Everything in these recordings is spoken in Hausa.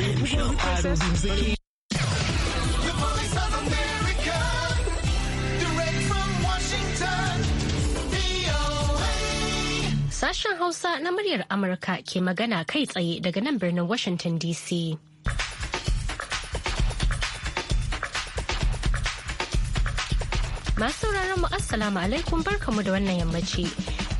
Sashen Hausa na muryar Amurka ke magana kai tsaye daga nan birnin Washington DC. Masu sauraron mu Assalamu alaikum barkamu da wannan yammaci.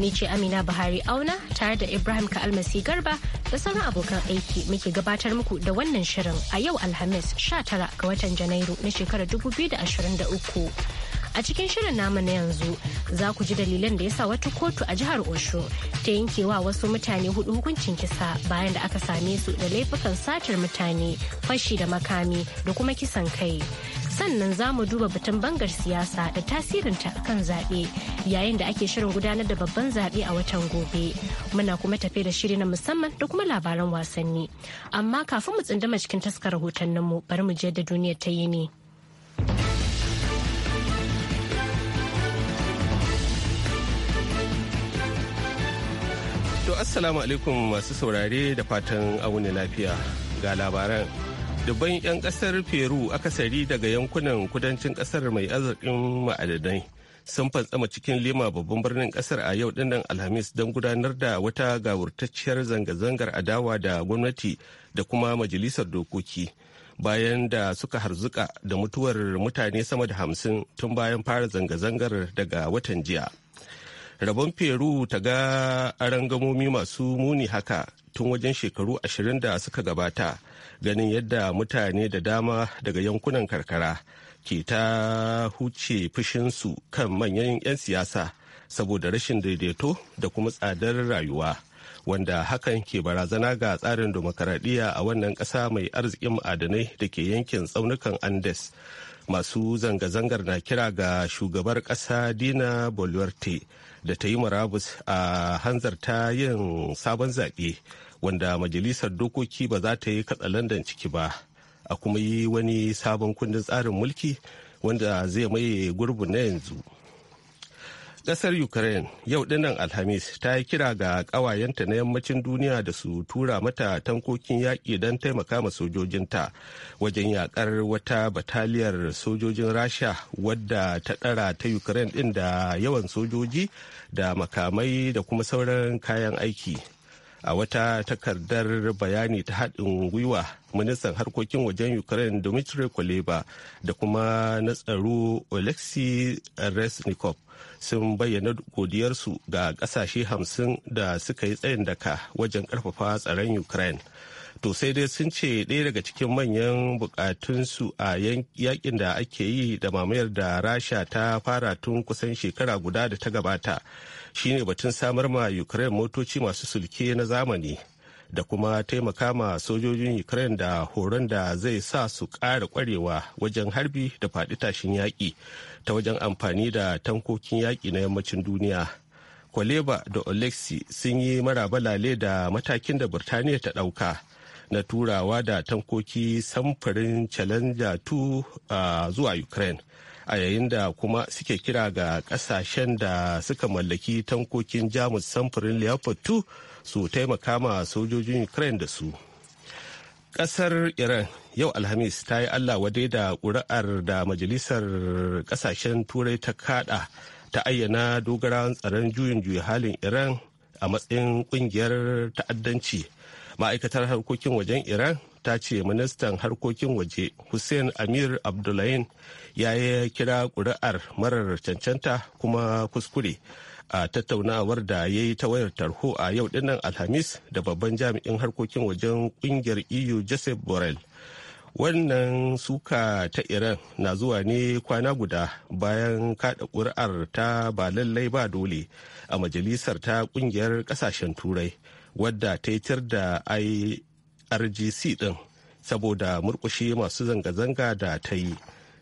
Ni ce Amina Buhari Auna tare da Ibrahim ka almasi Garba da sauran abokan aiki muke gabatar muku da wannan shirin a yau Alhamis 19 ga watan Janairu na shekarar 2023. A cikin shirin namu na yanzu za ku ji dalilan da ya sa wata kotu a jihar Osho ta yankewa wasu mutane hudu hukuncin kisa bayan da aka same su da laifukan satar mutane fashi da makami da kuma kisan kai. sannan za mu duba batun bangar siyasa da tasirinta kan zaɓe yayin da ake shirin gudanar da babban zaɓe a watan gobe muna kuma tafe da shiri na musamman da kuma labaran wasanni amma kafin mu tsindama cikin taskar rahotanninmu bari mu je da duniya ta yi ne. To assalamu alaikum masu saurare da fatan auni lafiya ga labaran. dubban 'yan kasar peru akasari daga yankunan kudancin kasar mai arzikin ma'adanai sun fantsama cikin lima babban birnin kasar a yau dinnan alhamis don gudanar da wata gawurtacciyar zanga-zangar adawa da gwamnati da kuma majalisar dokoki bayan da suka harzuka da mutuwar mutane sama da hamsin tun bayan fara zanga-zangar daga watan jiya rabon peru ta ga arangamomi masu muni haka tun wajen shekaru ashirin da suka gabata ganin yadda mutane da dama daga yankunan karkara ke ta huce fushinsu kan manyan 'yan siyasa saboda rashin daidaito da kuma tsadar rayuwa wanda hakan ke barazana ga tsarin demokaradiyya a wannan ƙasa mai arzikin ma'adanai da ke yankin tsaunukan andes masu zanga-zangar na kira ga shugabar ƙasa dina boluarte da ta yi murabus a hanzarta yin sabon zaɓe wanda majalisar dokoki ba za ta yi katsalandan ciki ba a kuma yi wani sabon kundin tsarin mulki wanda zai maye gurbin na yanzu ƙasar ukraine yau dinnan alhamis ta yi kira ga ƙawayenta na yammacin duniya da su tura mata tankokin yaƙi don taimaka ma sojojinta wajen yaƙar wata bataliyar sojojin rasha wadda ta ɗara ta ukraine ɗin da yawan sojoji da makamai da kuma sauran kayan aiki a wata takardar bayani ta haɗin gwiwa ministan harkokin wajen ukraine dmitry kuleba da kuma na tsaro oleksiy resnikov sun bayyana godiyarsu ga ƙasashe hamsin da suka yi tsayin daka wajen ƙarfafa tsaron ukraine to sai dai sun ce ɗaya daga cikin manyan bukatunsu a yakin da ake yi da mamayar da rasha ta fara tun kusan shekara guda da ta gabata shine batun samar ma ukraine motoci masu sulke na zamani da kuma taimaka ma sojojin ukraine da horon da zai sa su ƙara kwarewa wajen harbi da faɗi tashin yaƙi ta wajen amfani da tankokin yaƙi na yammacin duniya kwaleba da olexi sun yi marabalale da matakin da birtaniya ta ɗauka na turawa da tankoki samfurin challenger 2 uh, zuwa ukraine a yayin da kuma suke kira ga kasashen da suka mallaki tankokin jamus samfurin leopard 2 su taimaka ma sojojin ukraine da su kasar iran yau alhamis ta yi allah wadai da ƙuri'ar da majalisar kasashen turai ta kada ta ayyana dogara tsaron juyin juya halin iran a matsayin kungiyar ta'addanci ma'aikatar harkokin wajen iran ta ce ministan harkokin waje hussein amir abdullahin ya yi kira kuri'ar marar cancanta kuma kuskure a tattaunawar da ya yi ta wayar tarho a yau dinnan alhamis da babban jami'in harkokin wajen kungiyar eu joseph borrell wannan suka ta iran na zuwa ne kwana guda bayan kada kuri'ar ta ba lallai ba dole a majalisar ta kungiyar kasashen turai wadda ta yi tir da ai. rgc din saboda murkushe masu zanga-zanga da ta yi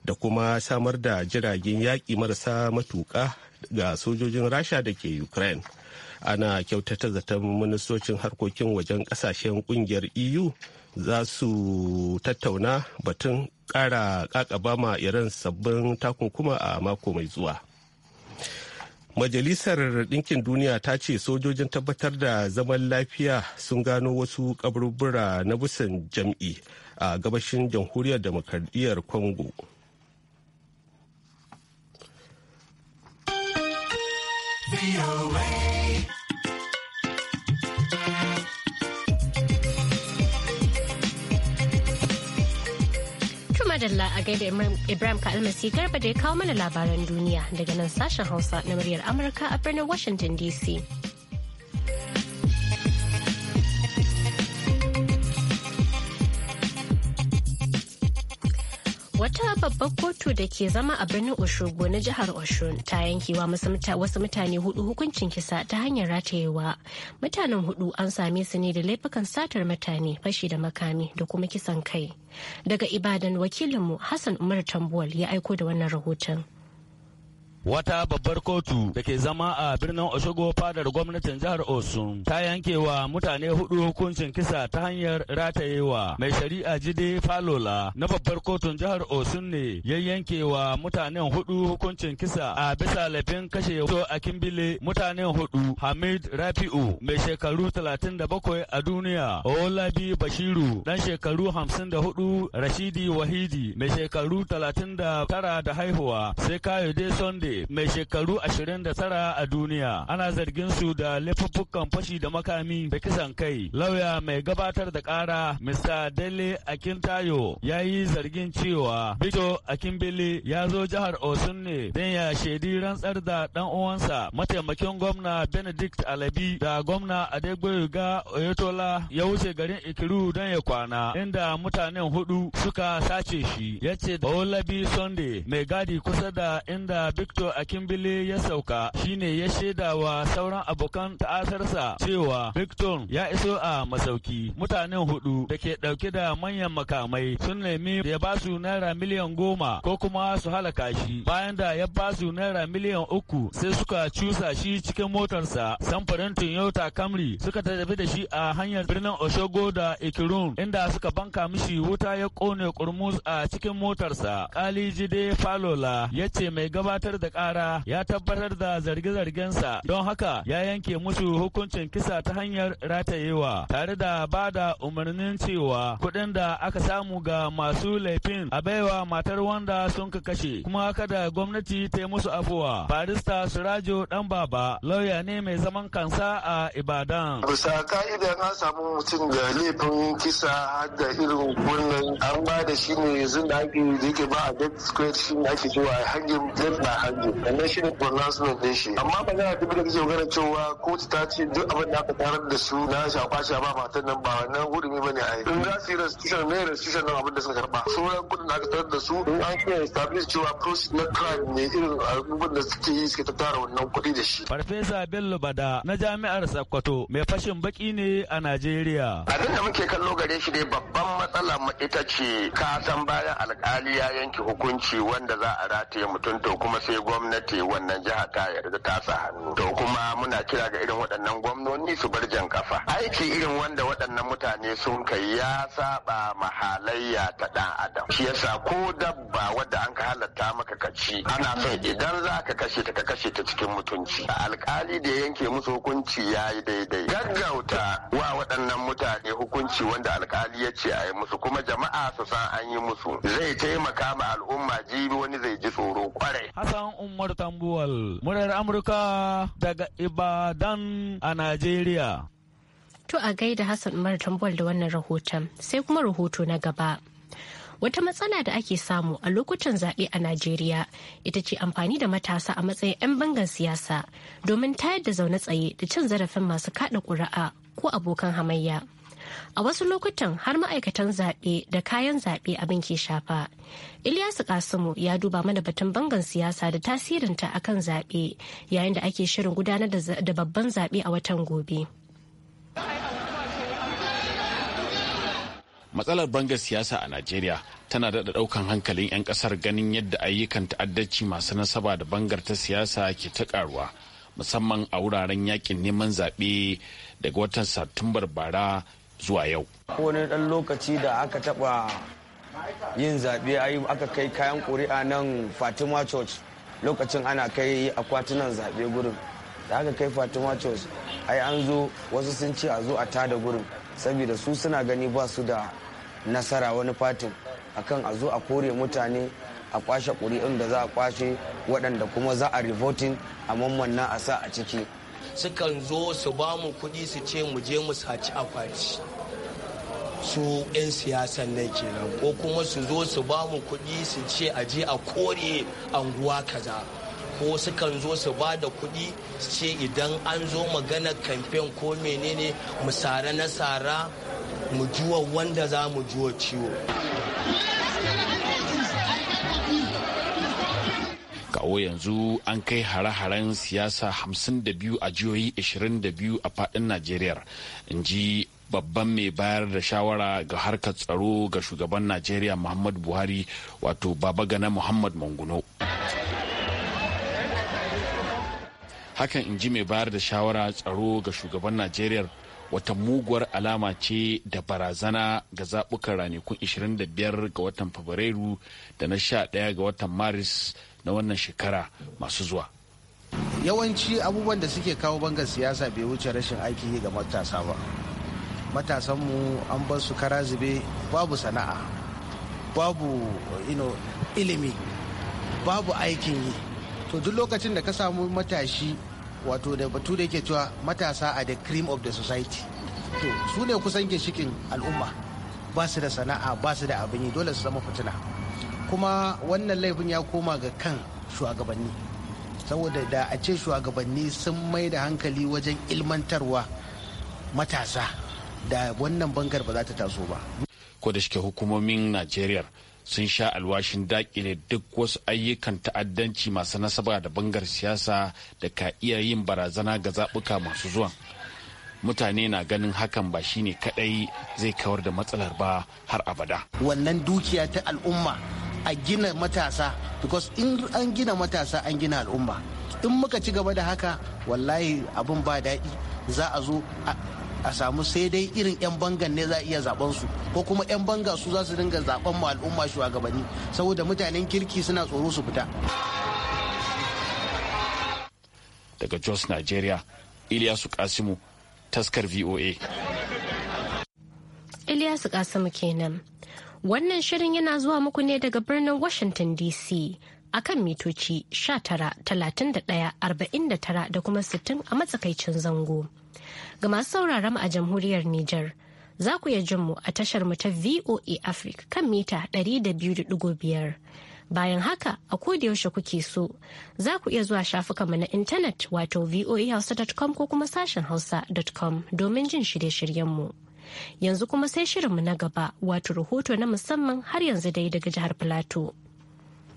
da kuma samar da jiragen yaƙi marasa matuƙa ga sojojin rasha da ke ukraine ana kyautata zaton ministocin harkokin wajen ƙasashen ƙungiyar eu za su tattauna batun ƙara ƙaƙabama iran sabbin takunkuma a mako mai zuwa Majalisar Ɗinkin Duniya ta ce sojojin tabbatar da zaman lafiya sun gano wasu kaburbura na busan jam'i a gabashin jamhuriyar demokradiyyar Congo. Be away. Madalla a gaida Ibrahim Kalmasi Garba da ya kawo mana labaran duniya daga nan sashen Hausa na muryar Amurka a birnin Washington DC. Wata babbar kotu da ke zama a birnin Oshogo na jihar Oshun ta yankewa wasu mutane hudu hukuncin kisa ta hanyar ratayewa. Mutanen hudu an same su ne da laifukan satar mutane fashi da makami da kuma kisan kai. Daga Ibadan wakilinmu Hassan Umar Tambuwal ya aiko da wannan rahoton. Wata babbar kotu da ke zama a birnin Oshogo fadar gwamnatin jihar Osun ta yankewa mutane hudu hukuncin kisa ta hanyar ratayewa mai shari'a Jide Falola na babbar kotun jihar Osun ne ya yankewa mutanen hudu hukuncin kisa a bisa laifin kashe wato a Kimbile mutanen hudu Hamid Rafi'u mai shekaru 37 a duniya Olabi Bashiru dan shekaru 54 Rashidi Wahidi mai shekaru 39 da haihuwa sai Kayode Sunday mai shekaru 29 a duniya. Ana zargin su da laifuffukan fashi da makami da kisan kai. Lauya mai gabatar da kara Mr. Dele Akintayo ya yi zargin cewa Bito Akinbele ya zo jihar Osun ne don ya shaidi rantsar da dan uwansa mataimakin gwamna Benedict Alabi da gwamna Adegboyega Oyetola ya wuce garin Ikiru don ya kwana inda mutanen hudu suka sace shi. Ya ce Olabi Sunday mai gadi kusa da inda Victor Bello ya sauka shine ya shaidawa sauran abokan ta'asarsa cewa Victor ya iso a masauki. Mutanen hudu da ke dauke da manyan makamai sun nemi da ya ba su naira miliyan goma ko kuma su halaka shi. Bayan da ya ba su naira miliyan uku sai suka cusa shi cikin motarsa samfurin Toyota kamri suka tafi da shi a hanyar birnin Oshogo da Ikirun inda suka banka mishi wuta ya kone kurmus a cikin motarsa. Kali Jide Falola ya ce mai gabatar da ta ƙara ya tabbatar da zarge-zargensa don haka ya yanke musu hukuncin kisa ta hanyar ratayewa tare da ba da umarnin cewa kuɗin da aka samu ga masu laifin a baiwa matar wanda sun ka kashe kuma kada gwamnati ta yi musu afuwa barista surajo dan baba lauya ne mai zaman kansa a ibadan bisa ka'ida an samu mutum da laifin kisa har da irin wannan an ba da shi ne yanzu da ake ba a death square shi ne ake zuwa hangin death na kotu wannan shi ne su ne shi amma ba a tafi da kake magana cewa kotu ta ce duk abin da aka tarar da su na shafa ba matan nan ba wannan hurumi bane yi in za su yi restitution ne restitution nan abin da suka karba sauran kudin da aka tarar da su in an kiyaye establish cewa process na crime ne irin abubuwan da suke yi suke tattara wannan kuɗi da shi farfesa bello bada na jami'ar sakkwato mai fashin baki ne a najeriya abin da muke kallo gare shi dai babban matsala ita ce kasan bayan alkali ya yanke hukunci wanda za a rataye mutum to kuma sai gwamnati wannan jiha ta yarda ta sa hannu to kuma muna kira ga irin waɗannan gwamnoni su bar jan kafa aiki irin wanda waɗannan mutane sun kai ya saba mahalayya ta ɗan adam shi yasa ko dabba wadda an ka halatta maka kaci ana son idan za ka kashe ta ka kashe ta cikin mutunci A alkali da yanke musu hukunci ya yi daidai gaggauta wa waɗannan mutane hukunci wanda alkali ya ce a yi musu kuma jama'a su san an yi musu zai taimaka ma al'umma jibi wani zai ji tsoro kwarai hasan Umar Tambuwal, murar Amurka daga Ibadan a Najeriya. To a gaida Hassan Umar Tambuwal da wannan rahoton, sai kuma rahoto na gaba. Wata matsala da ake samu a lokutan zaɓe a Najeriya ita ce amfani da matasa a matsayin 'yan bangan siyasa domin tayar da zaune tsaye da cin zarafin masu kaɗa ƙuri'a ko abokan hamayya. a wasu lokutan har ma'aikatan zaɓe da kayan zaɓe abin ke shafa ilyasu kasimu ya duba mana batun bangan siyasa da tasirinta kan zaɓe yayin da ake shirin gudanar da babban zaɓe a watan gobe matsalar bangar siyasa a najeriya tana daɗa ɗaukan hankalin 'yan ƙasar ganin yadda ayyukan ta'addanci masu nasaba da bangar ta siyasa ke ta ƙaruwa musamman a wuraren yakin neman zaɓe daga watan satumbar bara zuwa yau. wani ɗan lokaci da aka taɓa yin zaɓe aka kai kayan ƙuri'a nan fatima church lokacin ana kai akwatunan zaɓe gurin da aka kai fatima church ai an zo wasu sun ce a zo a tada gurin saboda su suna gani ba su da nasara wani fatin akan a zo a kore mutane a kwashe ƙuri'un da za a kwashe waɗanda kuma za a revoting a mamman a sa a ciki sukan zo su ba mu kuɗi su ce mu je mu saci akwati su 'yan siyasan nan kenan ko kuma su zo su ba mu kuɗi su ce a je a kore anguwa kaza ko sukan zo su ba da kuɗi su ce idan an zo magana kamfen ko menene mu sara nasara mu juwa wanda za mu juwa ciwo kawo yanzu an kai hare-haren siyasa 52 a jihohi 22 a fadin najeriya in ji babban mai bayar da shawara ga harkar tsaro ga shugaban najeriya muhammad buhari wato baba gana muhammad manguno hakan in ji mai bayar da shawara tsaro ga shugaban najeriya wata muguwar alama ce da barazana ga zaɓukan ranakun 25 ga watan fabrairu da na 11 ga watan maris na wannan shekara masu zuwa yawanci abubuwan da suke kawo bangar siyasa bai wuce rashin aikin yi ga matasa ba matasanmu an bar su kara zube babu sana'a babu ilimi babu aikin yi to duk lokacin da ka samu matashi wato da batu da yake cewa matasa a the cream of the society to su ne kusan ginshikin al'umma ba su da sana'a ba su da abin yi dole su zama fitina kuma wannan laifin ya koma ga kan shugabanni saboda da a ce shugabanni sun mai da hankali wajen ilmantarwa matasa da wannan bangar ba za ta taso ba ko shike hukumomin najeriya sun sha alwashin dakile duk wasu ayyukan ta'addanci masu nasaba da bangar siyasa da ka iya yin barazana ga zaɓuka masu zuwan mutane na ganin hakan ba shine kadai zai kawar da matsalar ba har abada wannan dukiya ta al'umma a gina matasa because in an gina matasa an gina al'umma in muka ci gaba da haka wallahi abin ba daɗi za a zo a samu sai dai irin 'yan bangan ne za a iya zaben su ko kuma 'yan banga su za su dinga zaben mu al'umma shugabanni saboda mutanen kirki suna tsoro su fita daga jos nigeria iliyasu kasimu taskar voa iliyasu kasimu kenan Wannan shirin yana zuwa muku ne daga birnin Washington DC a kan mitoci 19,31,49 da kuma 60 a matsakaicin zango. Ga masu sauraron a jamhuriyar Nijar, za ku iya jin mu a tashar mu ta VOA Africa kan mita 200.5. Bayan haka a yaushe kuke so, za ku iya zuwa shafukanmu na intanet wato voahausa.com ko kuma sashen hausa.com domin jin shirye-shiryenmu. mu. Yanzu kuma sai shirinmu na gaba wato rahoto na musamman har yanzu dai daga jihar plateau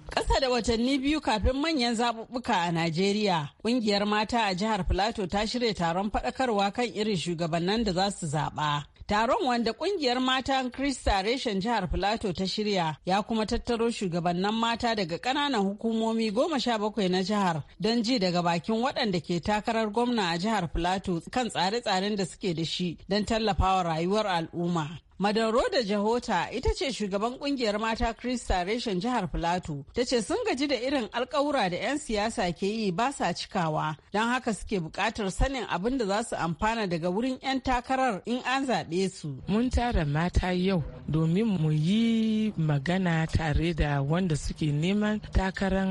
Ƙasa da watanni biyu kafin manyan zaɓuɓɓuka a Najeriya, ƙungiyar mata a jihar Filato ta shirya taron faɗakarwa kan irin shugabannin da za su zaɓa. Taron wanda kungiyar matan Krista reshen jihar Filato ta shirya ya kuma tattaro shugabannin mata daga kananan hukumomi goma sha bakwai na jihar don ji daga bakin waɗanda ke takarar gwamna a jihar Filato kan tsare-tsaren da suke da shi don tallafawa rayuwar al'umma. Madaro da Jahota ita ce shugaban kungiyar mata Krista reshen jihar Filato ta ce sun gaji da irin alkawura da 'yan siyasa ke yi ba sa cikawa don haka suke bukatar sanin abin da za su amfana daga wurin 'yan takarar in an zaɓe su. Mun tara mata yau domin mu yi magana tare da wanda suke neman takarar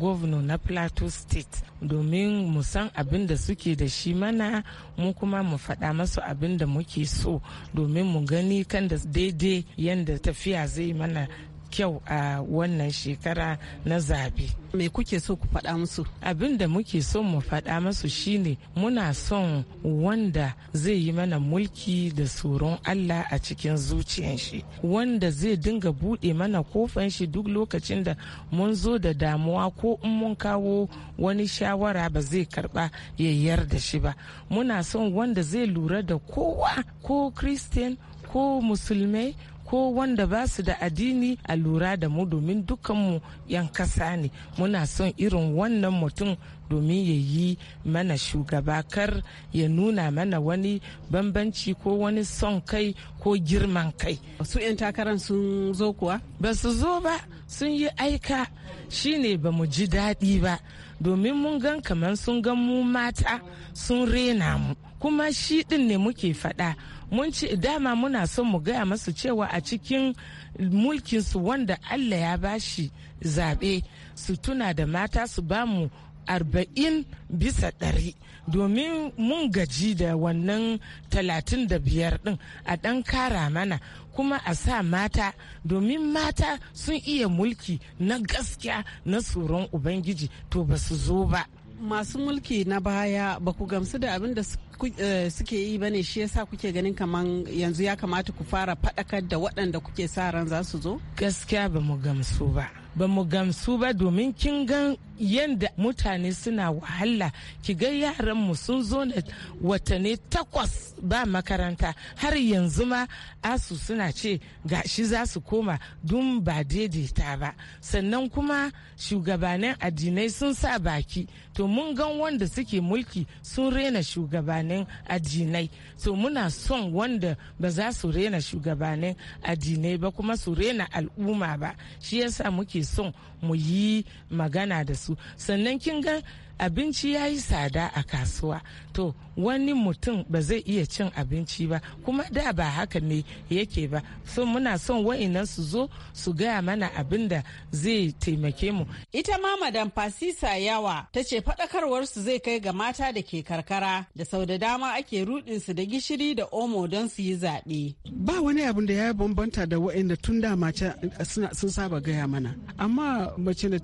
gwamna na Plateau State domin mu san abin da suke da shi mana mu kuma mu faɗa masu abin da muke so domin mu gani kan da daidai yadda tafiya zai mana kyau a wannan shekara na zabe. Me kuke so ku faɗa musu? Abin da muke so mu faɗa musu shine muna son wanda zai yi mana mulki da tsoron Allah a cikin zuciyan shi. Wanda zai dinga buɗe mana kofan shi duk lokacin da mun zo da damuwa ko in mun kawo wani shawara ba zai karɓa ya yarda shi ba. Muna son wanda zai lura da kowa ko Christian ko musulmai ko wanda ba su da addini a lura da mu domin dukanmu 'yan kasa ne muna son irin wannan mutum domin ya yi mana shugaba kar ya nuna mana wani bambanci ko wani son kai ko girman kai su 'yan takarar sun zo kuwa ba su zo ba sun yi aika shine ba mu ji daɗi ba domin mun gan kamar sun gan mu mata sun rena mu kuma shi ɗin ne muke faɗa mun ci dama muna son mu gaya masu cewa a cikin mulkinsu wanda allah ya bashi zaɓe su tuna da mata su ba mu arba'in bisa ɗari domin mun gaji da wannan talatin da biyar ɗin a ɗan kara mana kuma a sa mata domin mata sun iya mulki na gaskiya na tsoron ubangiji to ba su zo ba masu mulki na baya ba ku gamsu da abin da eh, suke yi bane shi yasa kuke ganin kamar yanzu ya kamata ku fara faɗakar da waɗanda kuke sa ran za su zo? Gaskiya ba mu gamsu ba. Ba mu gamsu ba domin kin gan yanda mutane suna wahala ki ga yaran mu sun zo na watanni takwas ba makaranta har yanzu ma asu suna ce gashi za su koma dun ba daidaita ba sannan kuma shugabanin addinai sun sa baki to mun gan wanda suke mulki sun rena shugabanin addinai to muna son wanda ba za su rena shugabanin addinai ba kuma su rena al'umma ba shi yasa muke son mu yi magana da su sannan kin ga abinci ya yi tsada a kasuwa to wani mutum ba zai iya cin abinci ba kuma da ba haka ne yake ba so muna son wa'inan su zo su gaya mana abin da zai taimake mu ita ma madam fasisa yawa ta ce fadakarwar su zai kai ga mata da ke karkara da sau da dama ake rudin su da gishiri da omo don su yi zaɓe ba wani abin da ya bambanta da wa'inda tun da mace sun saba gaya mana amma mace da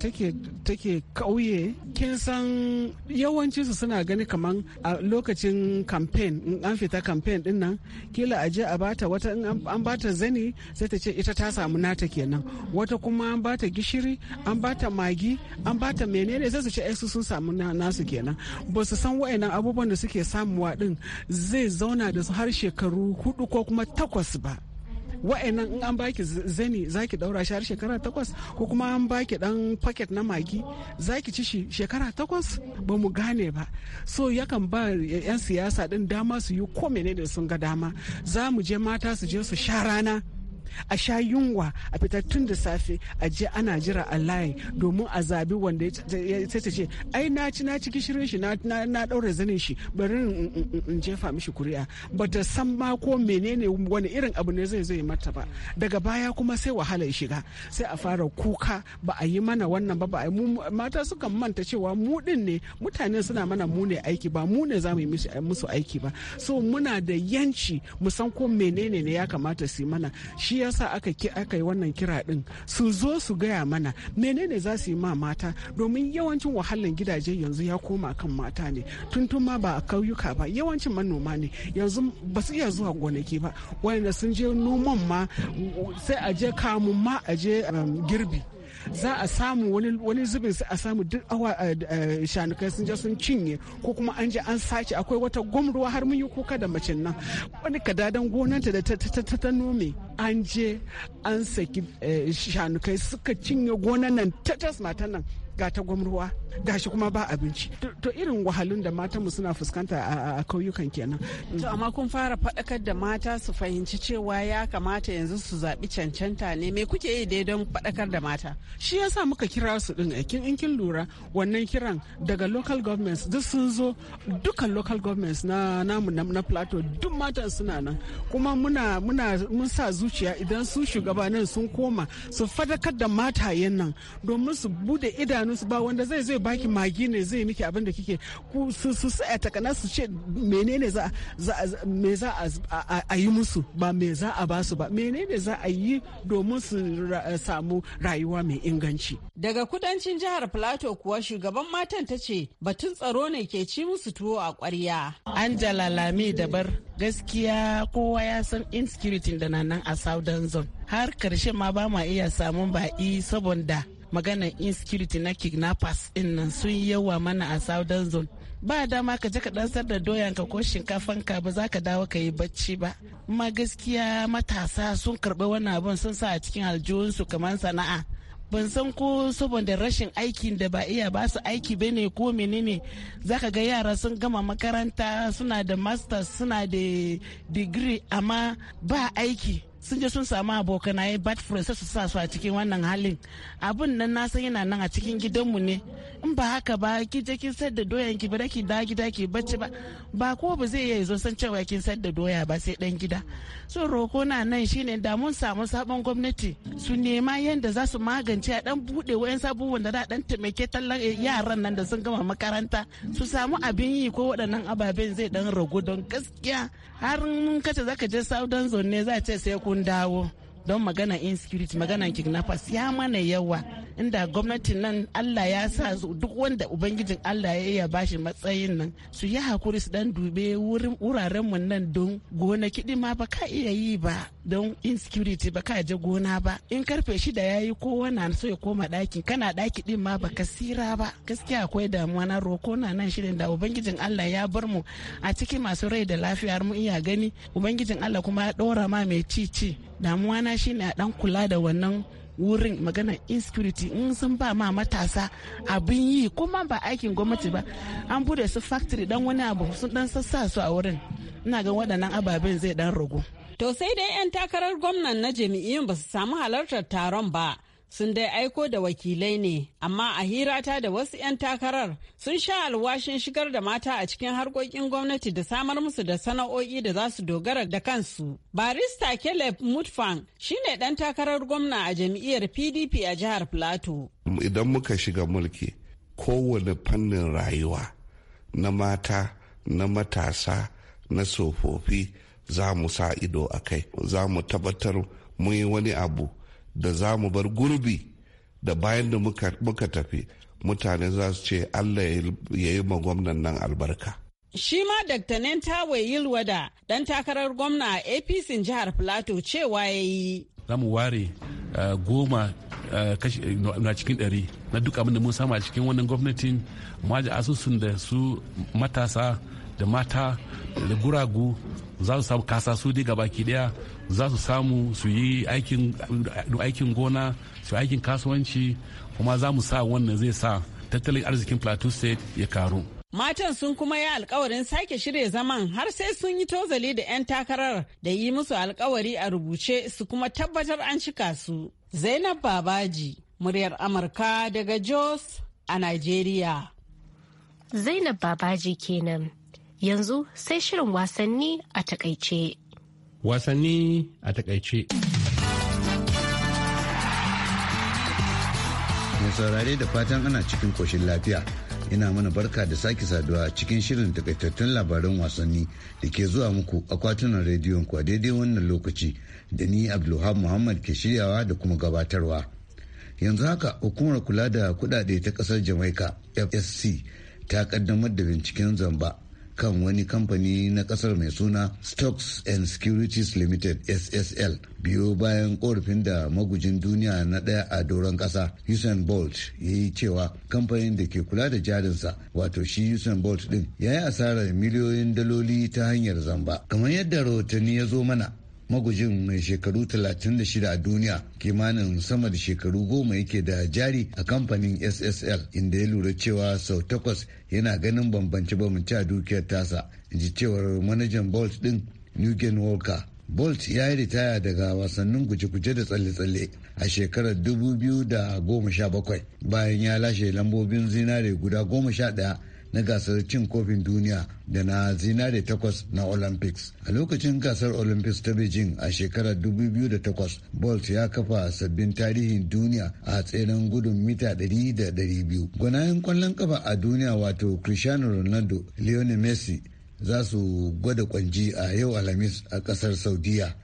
take kauye kin san yawanci yawancinsu suna gani kamar a lokacin campaign in an fita kamfen din nan kila a je a bata wata in an bata zani sai ta ce ita ta samu nata kenan wata kuma an bata gishiri an bata magi an bata menene sai su ce ai su sun samu nasu kenan ba su san wayannan abubuwan da suke samuwa din zai zauna da su har shekaru hudu ko kuma takwas ba wa'annan in an baki zani zaki daura shi har shekara takwas ko kuma an baki dan paket na magi zaki ci shi shekara takwas ba mu gane ba so yakan ba yan siyasa din dama su yi ko menene sun ga dama za mu je mata su je su sha rana a sha yunwa a fitar tun da safe a je ana jira a layi domin a zabi wanda ya ce ai na ci na ci gishirin shi na ɗaure zanin shi bari in jefa mishi kuri'a ba ta san ma ko menene wani irin abu ne zai zai mata ba daga baya kuma sai wahala ya shiga sai a fara kuka ba a yi mana wannan ba ba a yi mata sukan manta cewa mu din ne mutane suna mana mu ne aiki ba mu ne za mu yi musu aiki ba so muna da yanci mu san ko menene ne ya kamata su yi mana shi shi yasa aka aka yi wannan kira din su zo su gaya mana menene za su yi ma mata domin yawancin wahalan gidaje yanzu ya koma kan mata ne tuntun ma ba a kauyuka ba yawancin manoma ne yanzu ba su iya zuwa gonaki ba wanda sun je noman ma sai a je kamun ma a je um, girbi za a samu wani zubin sai a samu duk awa shanukai sun je sun cinye ko kuma an je an sace akwai wata gwamruwa har mun yi kuka da macin nan wani kadadan gonanta da ta nome an je an saki eh, shanukai suka cinye gonan nan tas matan nan ga ta gwamruwa gashi kuma ba abinci to irin wahalun da matanmu suna fuskanta a kauyukan kenan to amma kun fara faɗakar da mata su fahimci cewa ya kamata yanzu su zaɓi cancanta ne me kuke yi dai don faɗakar da mata shi yasa muka kira su din aikin eh, in kin lura wannan kiran daga local governments duk sun zo duka local governments na namu na plateau duk matan suna nan kuma muna muna mun sa zuciya idan su shugabannin sun koma su faɗakar da matayen nan domin su bude idanu su ba wanda zai zai baki magi ne zai miki abin da kike ku su su ta kana su ce menene za me za a yi musu ba me za a ba su ba menene za a yi domin su samu rayuwa mai inganci daga kudancin jihar plateau kuwa shugaban matan ta ce batun tsaro ne ke ci musu tuwo a kwarya an jalalami dabar gaskiya kowa ya san insecurity da nan a southern zone har karshe ma ba ma iya samun ba'i saboda maganar insecurity na kidnappers in nan sun yawa mana a southern zone ba dama ka je ka ɗansar da doyanka ko shinkafanka ba za ka dawo ka yi bacci ba amma gaskiya matasa sun karbi wannan abin sun sa a cikin aljihunsu kamar sana'a ban san ko saboda rashin aikin da ba iya ba su aiki ba ne ko menene zaka ga yara sun gama makaranta suna da masters suna da degree amma ba aiki sun je sun samu ayi bad friends su sa su a cikin wannan halin abun nan na san yana nan a cikin gidanmu ne in ba haka ba ki je kin sayar da doyan ki bare ki da gida ki bacci ba ba ko ba zai iya zo san cewa kin sayar da doya ba sai dan gida so roko na nan shine da mun samu sabon gwamnati su nema yanda za su magance a dan bude wayan sabuwan da da dan taimake tallan eh, yaran nan da sun gama makaranta su samu abin yi ko waɗannan ababen zai dan ragu don gaskiya har mun kace zaka je saudan zone ne za ce sai ku kun dawo don magana in insecurity magana kidnappers ya mana yawa inda gwamnatin nan Allah ya sa duk wanda ubangijin Allah ya iya bashi matsayin nan su yi hakuri su dan dube wuraren mu nan don gona kiɗi ma ba ka iya yi ba don in security ba ka je gona ba in karfe shida ya yi kowa na so ya koma daki kana daki ɗin ma ba ka sira ba gaskiya akwai damuwa na roko na nan shirin da ubangijin Allah ya bar mu a cikin masu rai da lafiyar mu iya gani ubangijin Allah kuma ya ɗora ma mai cici damuwa na shine a dan kula da wannan wurin magana insecurity in sun ba ma matasa abin yi kuma ba aikin gwamnati ba an bude su factory dan wani abu sun dan sassa su a wurin ina ga waɗannan ababen zai dan ragu to sai dai 'yan takarar gwamnan na jami'in ba su samu halartar taron ba sun dai aiko da wakilai ne amma a hirata da wasu 'yan takarar sun sha alwashin shigar da mata a cikin harkokin gwamnati da samar musu da sana'o'i da za su dogara da kansu barista caleb mutfang shine dan takarar gwamna a jam'iyyar pdp a jihar plato idan muka shiga mulki kowane fannin rayuwa na mata na matasa na tsofaffi za mu sa ido a kai za mu tabbatar mun yi wani abu da za mu bar gurbi da bayan da muka tafi mutane za su ce allah ya yi ma gwamnan nan albarka Shi ma Dr. Nentawe Yilwada ɗan takarar gwamna a APC jihar Plateau cewa ya yi. Za mu ware eh, goma eh, na cikin ɗari na duk abin da mun samu a cikin wannan gwamnatin maji asusun da su matasa da mata da guragu za su samu kasa su dai gabaki daya za su samu su yi aikin gona su aikin kasuwanci kuma za mu sa wannan zai sa tattalin arzikin plateau state ya karu Matan sun kuma yi alkawarin sake shirya zaman har sai sun yi tozali da 'yan takarar da yi musu alkawari a rubuce su kuma tabbatar an cika su. Zainab Babaji, muryar Amurka daga Jos a Najeriya. Zainab Babaji kenan. Yanzu sai shirin wasanni a takaice. wasanni a takaice. mai saurare da fatan ana cikin koshin lafiya ina mana barka da sake saduwa cikin shirin takaitattun labaran wasanni da ke zuwa muku a akwatunan rediyon ku daidai wannan lokaci da ni abdulhab muhammad ke shiryawa da kuma gabatarwa yanzu haka hukumar kula da kudade ta kasar jamaica fsc ta kaddamar da binciken zamba kan wani kamfani na kasar mai suna stocks and securities limited ssl biyo bayan korafin da magujin duniya na daya a doron kasa usain bolt ya yi cewa kamfanin da ke kula da jarinsa wato shi usain bolt din ya yi asarar miliyoyin daloli ta hanyar zamba kamar yadda rahotanni ya zo mana magujin mai shekaru 36 a duniya kimanin sama da shekaru goma yake da jari a kamfanin ssl inda ya lura cewa sau takwas yana ganin bambance bambance a dukiyar tasa in ji cewar manajan bolt din nugent walker bolt ya yi ritaya daga wasannin guje-guje da tsalle-tsalle a shekarar 2017 bayan ya lashe lambobin zinare guda 11 na gasar cin kofin duniya da na zinare takwas na olympics a lokacin gasar olympics ta beijing a shekarar 2008 bolt ya kafa sabbin tarihin duniya a tseren gudun mita 100 da 200 gwanayen kwallon kafa a duniya wato cristiano ronaldo leone messi za su gwada kwanji a yau alhamis a kasar saudiya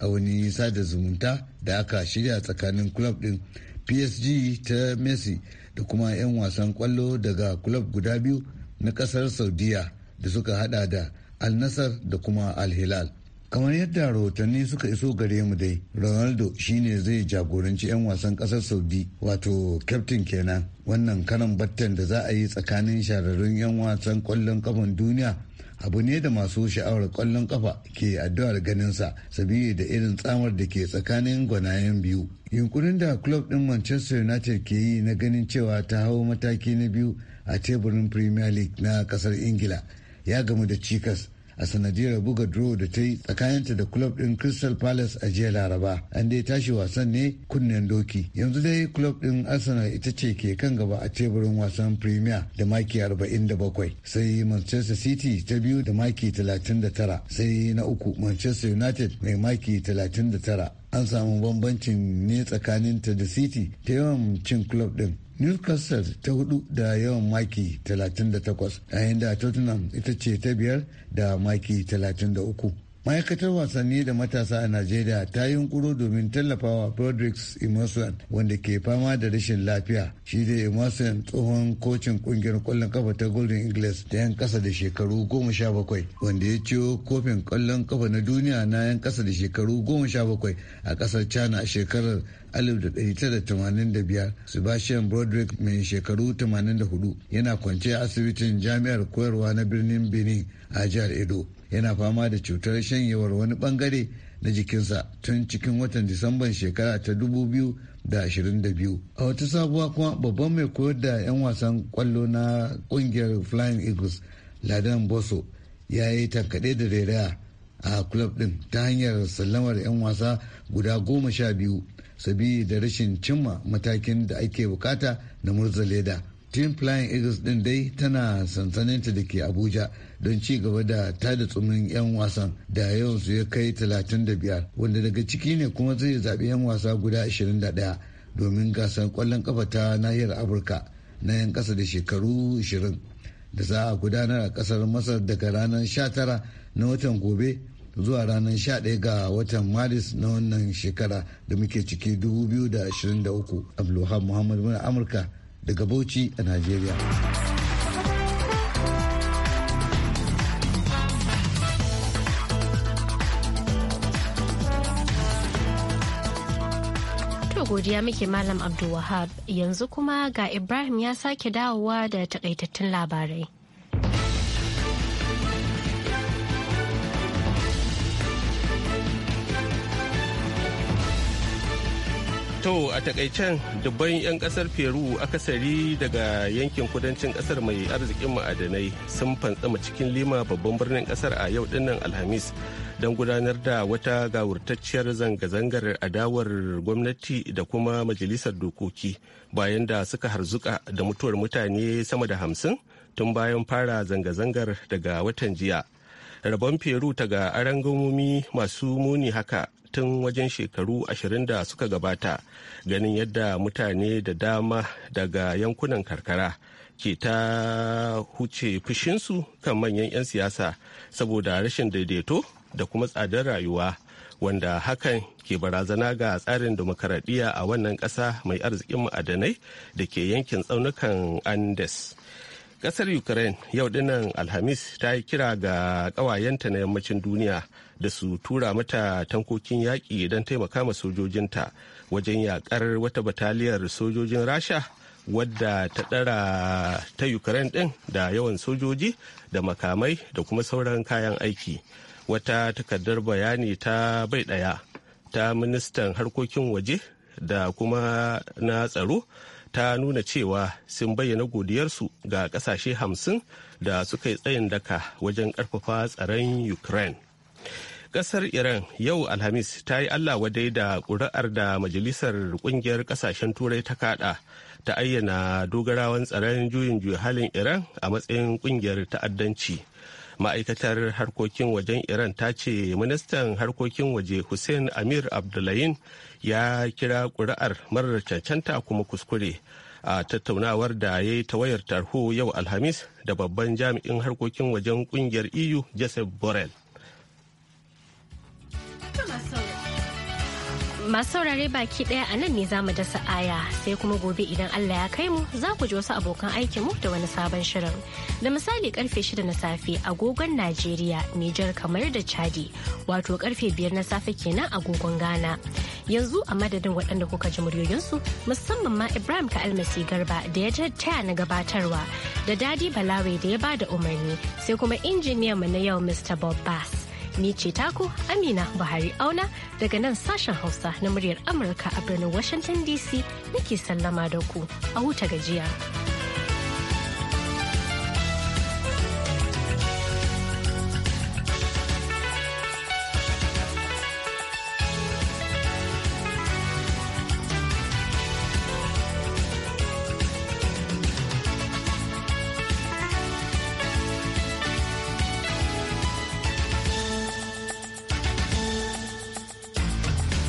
a wani sada zumunta da aka shirya tsakanin club din psg ta messi da kuma 'yan wasan kwallo daga kulob guda biyu na kasar saudiya da suka hada da al nasar da kuma al hilal kamar yadda rahotanni suka iso gare mu dai ronaldo shine zai jagoranci 'yan wasan kasar saudi wato captain kenan wannan karan battan da za a yi tsakanin shahararrun 'yan wasan kwallon kafan duniya abu ne da masu sha'awar kwallon kafa ke addu'ar ganinsa sabili da irin tsamar da ke tsakanin gwanayen biyu yunkurin da club din manchester united ke yi na ganin cewa ta hau mataki na biyu a teburin premier league na kasar ingila ya gamu da cikas a sanadiyar buga draw da ta yi tsakaninta da club din crystal palace a jiya laraba an dai tashi wasan ne kunnen doki yanzu dai club din arsenal ita ce ke kan gaba a teburin wasan premier da maki 47 sai manchester city ta biyu da maki 39 sai na uku manchester united mai maki 39 an samu bambancin ne tsakaninta da city ta yawan cin club din newcastle ta hudu da yawan maki 38 yayin da tottenham ita ce ta biyar da maki 33 ma'aikatar wasanni da matasa a najeriya ta yi hunkuro domin tallafawa brodricks emerson wanda ke fama da rashin lafiya shi da emerson tsohon kocin kungiyar kwallon kafa ta golden ingles da yan kasa da shekaru goma sha bakwai wanda ya ciyo kofin kwallon kafa na duniya na yan kasa da shekaru goma sha bakwai a kasar china a shekarar 1985 sebastian broderick mai shekaru 84 yana kwance a asibitin jami'ar koyarwa na birnin benin a jihar edo yana fama da cutar shanyewar wani bangare na jikinsa tun cikin watan disamban shekara ta 2022 a wata sabuwa kuma babban mai koyar da 'yan wasan kwallo na kungiyar flying eagles ladan boso ya yi tankaɗe da rera a club din ta hanyar sallamar 'yan wasa guda goma sha biyu sabi da rashin cimma matakin da ake bukata na murzaleda team flying eagles din dai tana sansaninta da ke abuja don ci gaba da tada tsumin 'yan wasan da su ya kai 35 wanda daga ciki ne kuma zai zaɓi 'yan wasa guda 21 domin gasar kwallon kafa ta nahiyar afirka na 'yan ƙasa da shekaru 20 da za a gudanar a ƙasar masar daga ranar 19 na watan gobe zuwa ranar 11 ga watan maris na wannan shekara da muke ciki 2023 abdulhamid muhammad muna amurka daga bauchi a najeriya Godiya muke Malam Abdulwahab yanzu kuma ga Ibrahim ya sake dawowa da takaitattun labarai. To a takaicen dubban 'yan kasar Peru akasari daga yankin kudancin kasar mai arzikin ma'adanai sun fantsama cikin Lima babban birnin kasar a yau dinnan Alhamis don gudanar da wata gawurtacciyar zanga-zangar adawar gwamnati da kuma majalisar dokoki bayan da suka harzuka da mutuwar mutane sama da hamsin tun bayan fara zanga-zangar daga watan jiya. rabon peru daga arangamomi masu muni haka tun wajen shekaru ashirin da suka gabata ganin yadda mutane da dama daga yankunan karkara ke ta huce fushinsu kan manyan 'yan siyasa saboda rashin daidaito da kuma tsadar rayuwa wanda hakan ke barazana ga tsarin demokaradiyya a wannan ƙasa mai arzikin ma'adanai da ke yankin tsaunukan andes ƙasar ukraine yau dinnan alhamis ta yi kira ga ƙawayenta na yammacin duniya da su tura mata tankokin yaƙi don taimaka ma sojojinta wajen yaƙar wata bataliyar sojojin rasha wadda ta ɗara ta ukraine ɗin da yawan sojoji da makamai da kuma sauran kayan aiki wata takardar bayani ta bai ɗaya ta ministan harkokin waje da kuma na tsaro ta nuna cewa sun bayyana godiyarsu ga kasashe hamsin da suka yi tsayin daka wajen karfafa tsaron ukraine Ƙasar Iran yau Alhamis ta yi Allah wadai da ƙuri'ar da Majalisar Ƙungiyar Ƙasashen Turai ta kaɗa ta ayyana dogarawan tsaron juyin juya halin Iran a matsayin ƙungiyar ta'addanci. Ma'aikatar harkokin wajen Iran ta ce ministan harkokin waje Hussein Amir Abdullahin ya kira ƙuri'ar marar cancanta kuma kuskure. a tattaunawar da ya yi ta wayar tarho yau alhamis da babban jami'in harkokin wajen ƙungiyar eu joseph borrell Masu saurare baki ɗaya a nan ne za mu dasa aya sai kuma gobe idan Allah ya kai mu za ku ji wasu abokan mu da wani sabon shirin. Da misali karfe shida na safe agogon Najeriya, Nijar kamar da Chadi, wato karfe biyar na safe kenan agogon Ghana. Yanzu a madadin waɗanda kuka ji muryoyinsu musamman ma Ibrahim ka almasi garba da ya taya na gabatarwa da Dadi Balawe da ya bada umarni sai kuma injiniyan mu na yau Mr. Bob Bass. Ni ce taku Amina Buhari Auna daga nan sashen Hausa na muryar Amurka a birnin Washington DC nake sallama da ku a huta gajiya.